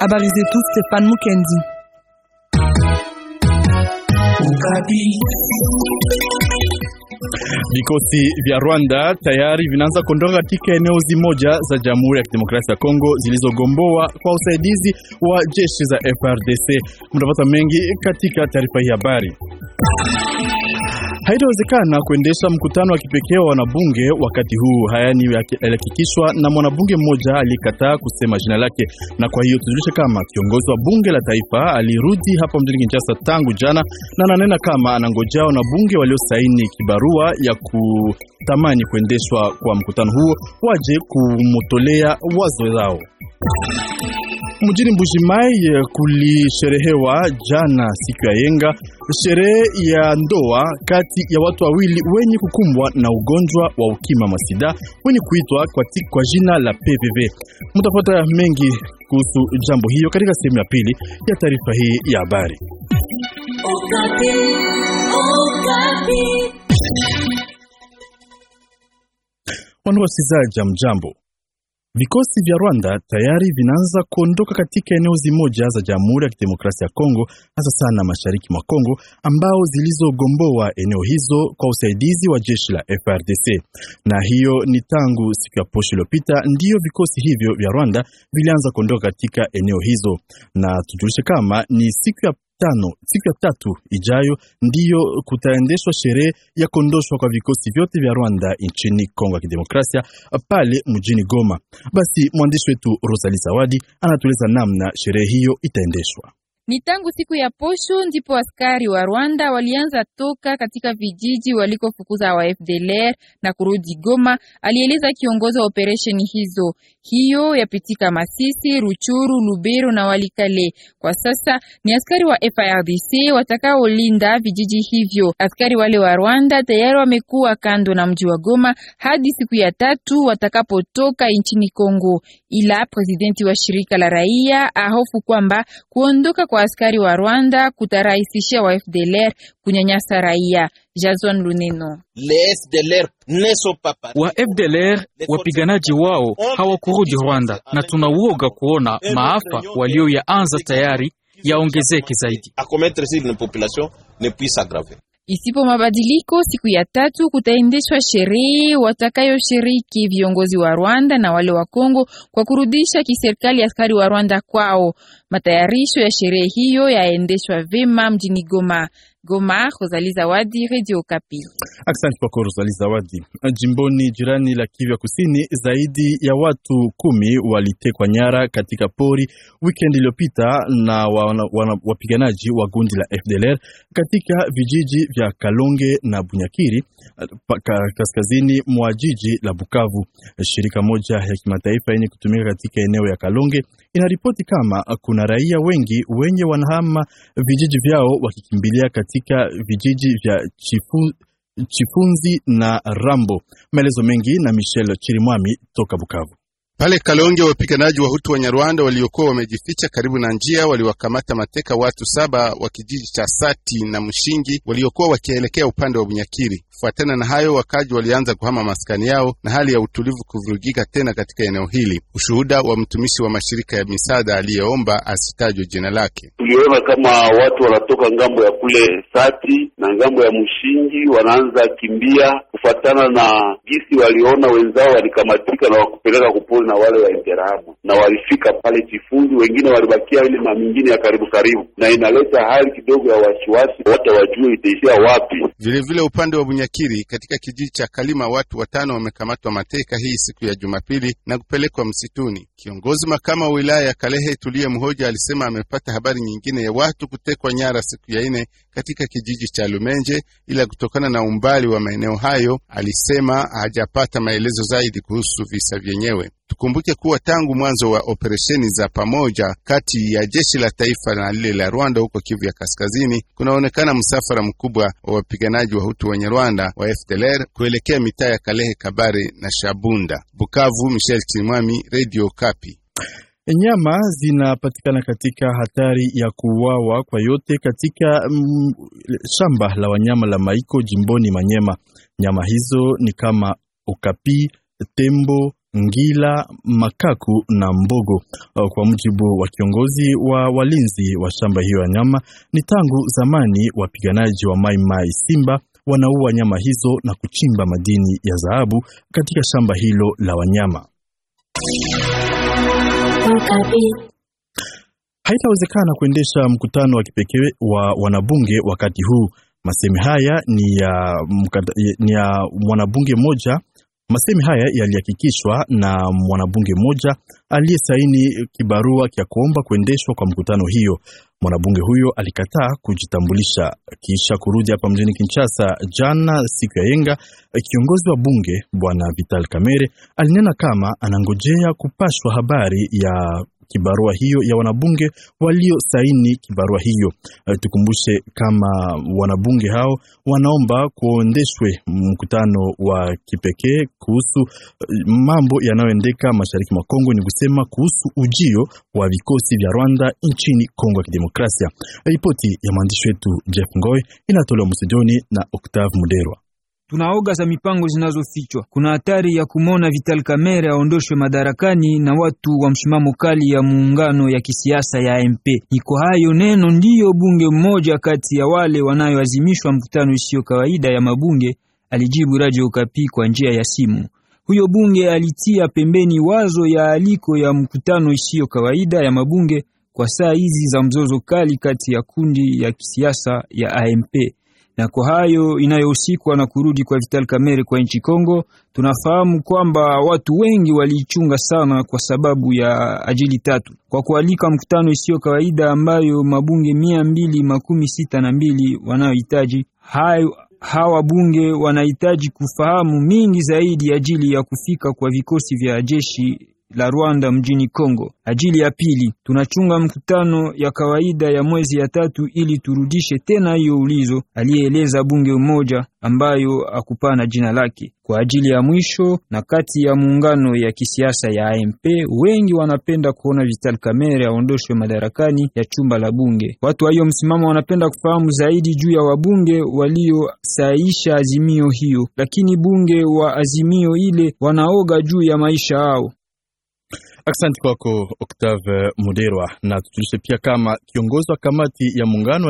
Habari zetu Stefan Mukendi. Vikosi vya Rwanda tayari vinaanza kuondoka katika eneo zimoja za Jamhuri ya Kidemokrasia ya Kongo zilizogomboa kwa usaidizi wa jeshi za FRDC. Mtapata mengi katika taarifa hii habari haitawezekana kuendesha mkutano wa kipekee wa wanabunge wakati huu. Haya ni yalihakikishwa na mwanabunge mmoja aliyekataa kusema jina lake, na kwa hiyo tujulishe kama kiongozi wa bunge la taifa alirudi hapa mjini Kinshasa tangu jana, na ananena kama anangojea wanabunge waliosaini kibarua ya kutamani kuendeshwa kwa mkutano huo waje kumtolea wazo zao mjini Mbujimai eh, kulisherehewa jana siku ya Yenga sherehe ya ndoa kati ya watu wawili wenye kukumbwa na ugonjwa wa ukimwi masida wenye kuitwa kwa, kwa jina la PPV. Mtapata mengi kuhusu jambo hiyo katika sehemu ya pili ya taarifa hii ya habari. Wanawasikizaji, mjambo Vikosi vya Rwanda tayari vinaanza kuondoka katika eneo zimoja za Jamhuri ya Kidemokrasia ya Kongo, hasa sana mashariki mwa Kongo, ambao zilizogomboa eneo hizo kwa usaidizi wa jeshi la FRDC. Na hiyo ni tangu siku ya posho iliyopita ndiyo vikosi hivyo vya Rwanda vilianza kuondoka katika eneo hizo, na tujulishe kama ni siku ya tano siku ya tatu ijayo ndiyo kutaendeshwa sherehe ya kuondoshwa kwa vikosi vyote vya Rwanda nchini Kongo ya Kidemokrasia pale mjini Goma. Basi mwandishi wetu Rosali Zawadi anatueleza namna sherehe hiyo itaendeshwa. Ni tangu siku ya posho ndipo askari wa Rwanda walianza toka katika vijiji walikofukuza wa FDLR na kurudi Goma, alieleza kiongozi wa operesheni hizo. Hiyo yapitika Masisi, Ruchuru, Lubero na Walikale. Kwa sasa ni askari wa FARDC watakaolinda vijiji hivyo. Askari wale wa Rwanda tayari wamekuwa kando na mji wa Goma hadi siku ya tatu watakapotoka nchini Kongo ila presidenti wa shirika la raia ahofu kwamba kuondoka kwa askari wa Rwanda kutarahisishia wa FDLR kunyanyasa raia. Jason Luneno wa FDLR wapiganaji wao hawakurudi Rwanda, na tunauoga kuona maafa walioyaanza tayari yaongezeke zaidi. Isipo mabadiliko, siku ya tatu kutaendeshwa sherehe watakayoshiriki viongozi wa Rwanda na wale wa Kongo kwa kurudisha kiserikali askari wa Rwanda kwao. Matayarisho ya sherehe hiyo yaendeshwa vema mjini Goma. Goma, Rosali Zawadi, Radio Okapi. Asante kwako Rosali Zawadi. Jimboni jirani la Kivu Kusini, zaidi ya watu kumi walitekwa nyara katika pori weekend iliyopita na wana, wana, wapiganaji wa gundi la FDLR katika vijiji vya Kalonge na Bunyakiri kaskazini mwa jiji la Bukavu. Shirika moja ya kimataifa yenye kutumika katika eneo ya Kalonge inaripoti kama kuna raia wengi wenye wanahama vijiji vyao wakikimbilia katika katika vijiji vya Chifu, Chifunzi na Rambo. Maelezo mengi na Michel Chirimwami toka Bukavu. Pale Kalonge, wapiganaji wa Hutu wa Nyarwanda waliokuwa wamejificha karibu na njia waliwakamata mateka watu saba wa kijiji cha Sati na Mshingi waliokuwa wakielekea upande wa Bunyakiri. Kufuatana na hayo, wakaji walianza kuhama maskani yao na hali ya utulivu kuvurugika tena katika eneo hili. Ushuhuda wa mtumishi wa mashirika ya misaada aliyeomba asitajwe jina lake: tuliona kama watu wanatoka ngambo ya kule Sati na ngambo ya Mshingi wanaanza kimbia, kufuatana na gisi waliona wenzao walikamatika na wakupeleka kupona na wale wainterahabu na walifika pale Chifunzi, wengine walibakia ile mingine ya karibu karibu, na inaleta hali kidogo ya wasiwasi, wote wajue itaishia wapi. Vilevile vile upande wa Bunyakiri katika kijiji cha Kalima watu watano wamekamatwa mateka hii siku ya Jumapili na kupelekwa msituni. Kiongozi makama wa wilaya ya Kalehe Tulie Mhoja alisema amepata habari nyingine ya watu kutekwa nyara siku ya ine katika kijiji cha Lumenje, ila kutokana na umbali wa maeneo hayo alisema hajapata maelezo zaidi kuhusu visa vyenyewe. Tukumbuke kuwa tangu mwanzo wa operesheni za pamoja kati ya jeshi la taifa na lile la Rwanda huko Kivu ya Kaskazini, kunaonekana msafara mkubwa wa wapiganaji wa Hutu wenye Rwanda wa FDLR kuelekea mitaa ya Kalehe, Kabare na Shabunda. Bukavu, Michel Chimwami, Radio Kapi. Nyama zinapatikana katika hatari ya kuuawa kwa yote katika mm, shamba la wanyama la Maiko jimboni Manyema. Nyama hizo ni kama ukapi tembo, ngila, makaku na mbogo. Kwa mujibu wa kiongozi wa walinzi wa shamba hiyo ya nyama, ni tangu zamani wapiganaji wa Mai Mai Simba wanaua nyama hizo na kuchimba madini ya dhahabu katika shamba hilo la wanyama. Haitawezekana kuendesha mkutano wa kipekee wa wanabunge wakati huu. Masemi haya ni ya, ni ya mwanabunge mmoja Masemi haya yalihakikishwa na mwanabunge mmoja aliyesaini kibarua kya kuomba kuendeshwa kwa mkutano hiyo. Mwanabunge huyo alikataa kujitambulisha. Kisha kurudi hapa mjini Kinshasa jana siku ya yenga, kiongozi wa bunge bwana Vital Kamerhe alinena kama anangojea kupashwa habari ya kibarua hiyo ya wanabunge waliosaini kibarua hiyo. Eh, tukumbushe kama wanabunge hao wanaomba kuondeshwe mkutano wa kipekee kuhusu eh, mambo yanayoendeka mashariki mwa Kongo, ni kusema kuhusu ujio wa vikosi vya Rwanda nchini Kongo ya Kidemokrasia. Ripoti ya mwandishi wetu Jeff Ngoy inatolewa msijoni na Octave Muderwa. Tunaoga za mipango zinazofichwa. Kuna hatari ya kumona Vital Kamerhe aondoshwe madarakani na watu wa msimamo kali ya muungano ya kisiasa ya MP. Iko hayo neno ndiyo bunge mmoja kati ya wale wanayoazimishwa mkutano isiyo kawaida ya mabunge alijibu Radio Okapi kwa njia ya simu. Huyo bunge alitia pembeni wazo ya aliko ya mkutano isiyo kawaida ya mabunge kwa saa hizi za mzozo kali kati ya kundi ya kisiasa ya AMP. Na kwa hayo inayohusikwa na kurudi kwa Vital Kamerhe kwa nchi Kongo, tunafahamu kwamba watu wengi waliichunga sana kwa sababu ya ajili tatu, kwa kualika mkutano isiyo kawaida ambayo mabunge mia mbili makumi sita na mbili wanayohitaji hayo hawa bunge wanahitaji kufahamu mingi zaidi ajili ya kufika kwa vikosi vya jeshi la Rwanda mjini Kongo. Ajili ya pili, tunachunga mkutano ya kawaida ya mwezi ya tatu ili turudishe tena hiyo ulizo, aliyeeleza bunge mmoja ambayo akupana jina lake. Kwa ajili ya mwisho, na kati ya muungano ya kisiasa ya AMP, wengi wanapenda kuona Vital Kamerhe aondoshwe madarakani ya chumba la bunge. Watu wa hiyo msimamo wanapenda kufahamu zaidi juu ya wabunge waliosaisha azimio hiyo, lakini bunge wa azimio ile wanaoga juu ya maisha yao. Asante kwako Octave Muderwa. Na tujulishe pia kama kiongozi wa kamati ya muungano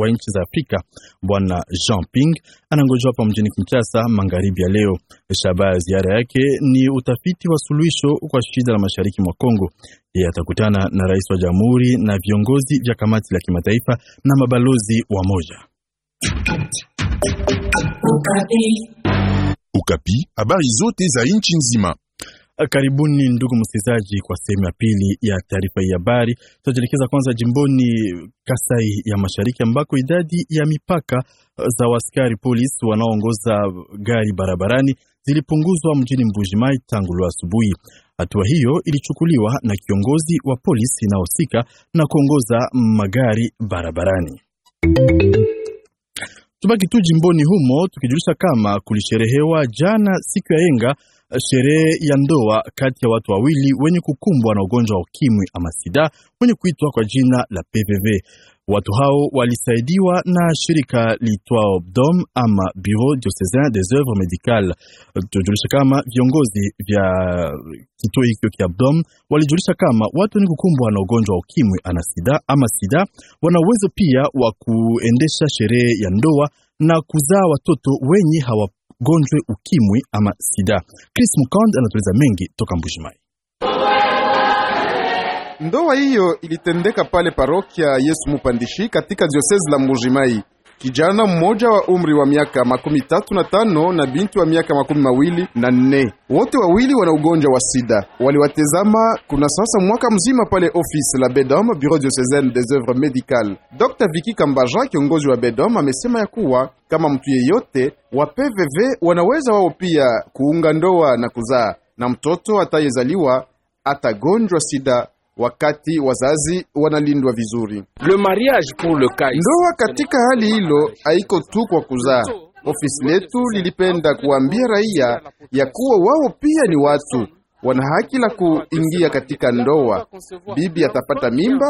wa nchi za Afrika bwana Jean Ping anangojwa hapa mjini Kinshasa magharibi ya leo. Shabaha ya ziara yake ni utafiti wa suluhisho kwa shida la mashariki mwa Kongo. Yeye atakutana na rais wa jamhuri na viongozi vya kamati la kimataifa na mabalozi wa moja Ukapi. habari zote za nchi nzima Eh, karibuni ndugu msikilizaji, kwa sehemu ya pili ya taarifa hii habari. Tutajielekeza kwanza jimboni Kasai ya Mashariki, ambako idadi ya mipaka eh, za waskari polisi wanaoongoza gari barabarani zilipunguzwa mjini Mbujimai tangu leo asubuhi. Hatua hiyo ilichukuliwa na kiongozi wa polisi inahusika na kuongoza magari barabarani. Tubaki tu jimboni humo tukijulisha kama kulisherehewa jana siku ya Yenga sherehe ya ndoa kati ya watu wawili wenye kukumbwa na ugonjwa wa ukimwi ama sida wenye kuitwa kwa jina la PVV. Watu hao walisaidiwa na shirika litwao BDOM ama Bureau Diocesain des Oeuvres Medicales. Tujulisha kama viongozi vya kituo hicho cha BDOM walijulisha kama watu wenye kukumbwa na ugonjwa wa ukimwi ana sida ama sida wana uwezo pia wa kuendesha sherehe ya ndoa na kuzaa watoto wenye hawa gonjwe ukimwi ama sida. Chris Mukand anatueleza mengi toka Mbujimai. Ndoa hiyo ilitendeka pale parokia Yesu Mupandishi katika diosezi la Mbujimai kijana mmoja wa umri wa miaka makumi tatu na tano na binti wa miaka makumi mawili na nne. Wote wawili wana ugonjwa wa sida. Waliwatezama kuna sasa mwaka mzima pale office la Bedom, bureau diocésaine des oeuvres médicales. Dr Viki Kambaja, kiongozi wa Bedom, amesema ya kuwa kama mtu yeyote wa PVV wanaweza wao pia kuunga ndoa na kuzaa, na mtoto atayezaliwa atagonjwa sida wakati wazazi wanalindwa vizuri. Le mariage pour le cas, ndoa katika hali hilo haiko tu kwa kuzaa. Ofisi letu lilipenda kuambia raia ya kuwa wao pia ni watu, wana haki la kuingia katika ndoa. Bibi atapata mimba,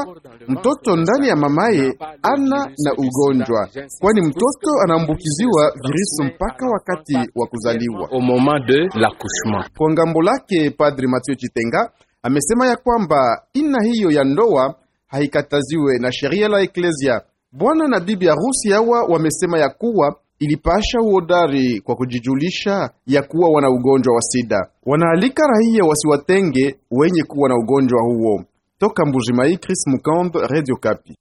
mtoto ndani ya mamaye ana na ugonjwa, kwani mtoto anaambukiziwa virusi mpaka wakati wa kuzaliwa. Kwa ngambo lake Padri Mathieu Chitenga amesema ya kwamba ina hiyo ya ndoa haikataziwe na sheria la Eklezia. Bwana na bibi harusi hawa wamesema ya kuwa ilipasha uodari kwa kujijulisha ya kuwa wana ugonjwa wa sida. Wanaalika raia wasiwatenge wenye kuwa na ugonjwa huo. Toka Mbujimai, Chris Mukambe, Radio Kapi.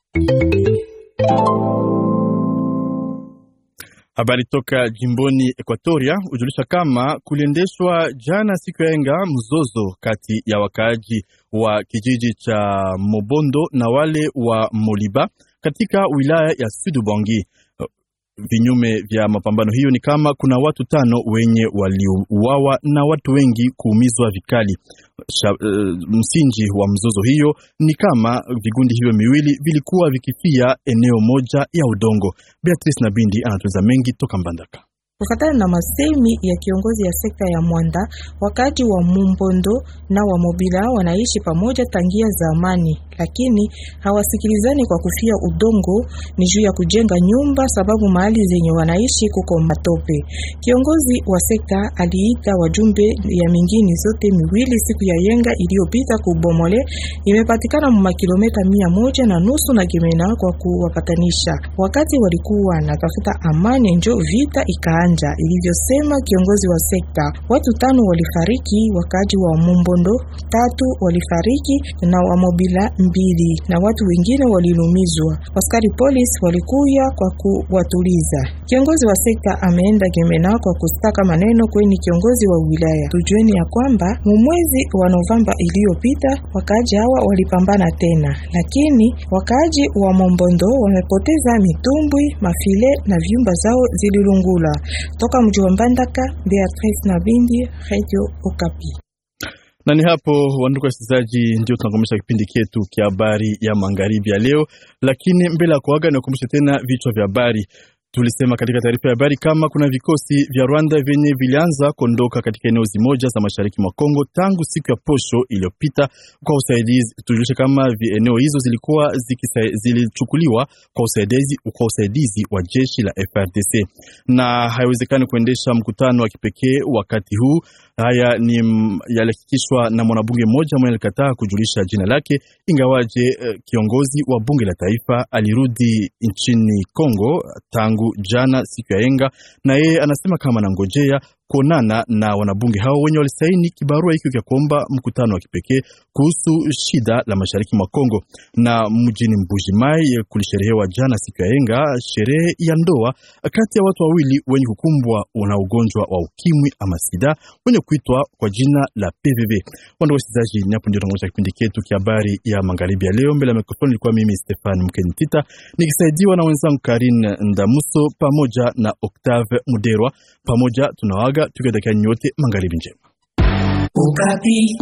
Habari toka jimboni Ekwatoria hujulisha kama kuliendeshwa jana siku ya enga mzozo kati ya wakaaji wa kijiji cha Mobondo na wale wa Moliba katika wilaya ya Sud Bangi vinyume vya mapambano hiyo ni kama kuna watu tano wenye waliuawa na watu wengi kuumizwa vikali. Sha, uh, msingi wa mzozo hiyo ni kama vigundi hivyo miwili vilikuwa vikifia eneo moja ya udongo. Beatrice Nabindi anatuza mengi toka Mbandaka kufatana na masemi ya kiongozi ya sekta ya Mwanda, wakati wa Mumbondo na wa Mobila wanaishi pamoja tangia zamani, lakini hawasikilizani kwa kufia udongo ni juu ya kujenga nyumba, sababu mahali zenye wanaishi kuko matope. Kiongozi wa sekta aliita wajumbe ya mingini zote miwili siku ya yenga iliyopita kubomole imepatikana mwa kilomita mia moja na nusu na Gemena kwa kuwapatanisha, wakati walikuwa na tafuta amani, njo vita ikaa viwanja. Ilivyosema kiongozi wa sekta, watu tano walifariki, wakaaji wa Mumbondo tatu walifariki na wa Mobila mbili, na watu wengine walilumizwa. Askari polisi walikuya kwa kuwatuliza. Kiongozi wa sekta ameenda Gemena kwa kustaka maneno kweni kiongozi wa wilaya. Tujueni ya kwamba mwezi wa Novemba iliyopita wakaaji hawa walipambana tena, lakini wakaaji wa Mombondo wamepoteza mitumbwi, mafile na vyumba zao zililungula. Toka mji wa Mbandaka, Beatrice na Bindi, Radio Okapi. Na ni hapo wanduku wasikilizaji, ndio tunakomesha kipindi chetu kia habari ya magharibi ya leo, lakini mbele ya kuaga nikukumbushe tena vichwa vya habari. Tulisema katika taarifa ya habari kama kuna vikosi vya Rwanda vyenye vilianza kuondoka katika eneo zimoja za mashariki mwa Kongo tangu siku ya posho iliyopita kwa usaidizi. Tujulishe kama eneo hizo zilikuwa zilichukuliwa kwa usaidizi, kwa usaidizi wa jeshi la FRDC na haiwezekani kuendesha mkutano wa kipekee wakati huu. Haya ni yalihakikishwa na mwanabunge mmoja mwenye alikataa kujulisha jina lake, ingawaje eh, kiongozi wa bunge la taifa alirudi nchini Kongo tangu tangu jana siku ya Yenga, na yeye anasema kama anangojea kuonana na wanabunge hao wenye walisaini kibarua hiki vya kuomba mkutano wa kipekee kuhusu shida la mashariki mwa Kongo. Na mjini Mbujimai eh, kulisherehewa jana siku ya Enga sherehe ya ndoa kati ya watu wawili wenye kukumbwa na ugonjwa wa ukimwi ama sida wenye kuitwa kwa jina la PVV. Wanda ni hapo ndio tunaongoza kipindi chetu cha habari ya magharibi ya leo. Mbele ya mikrofoni ilikuwa mimi Stefan Mkeni Tita nikisaidiwa na wenzangu Karin Ndamuso pamoja na Octave Muderwa. Pamoja tunawaga hakika tukiotakia nyote magharibi njema. Ukapi.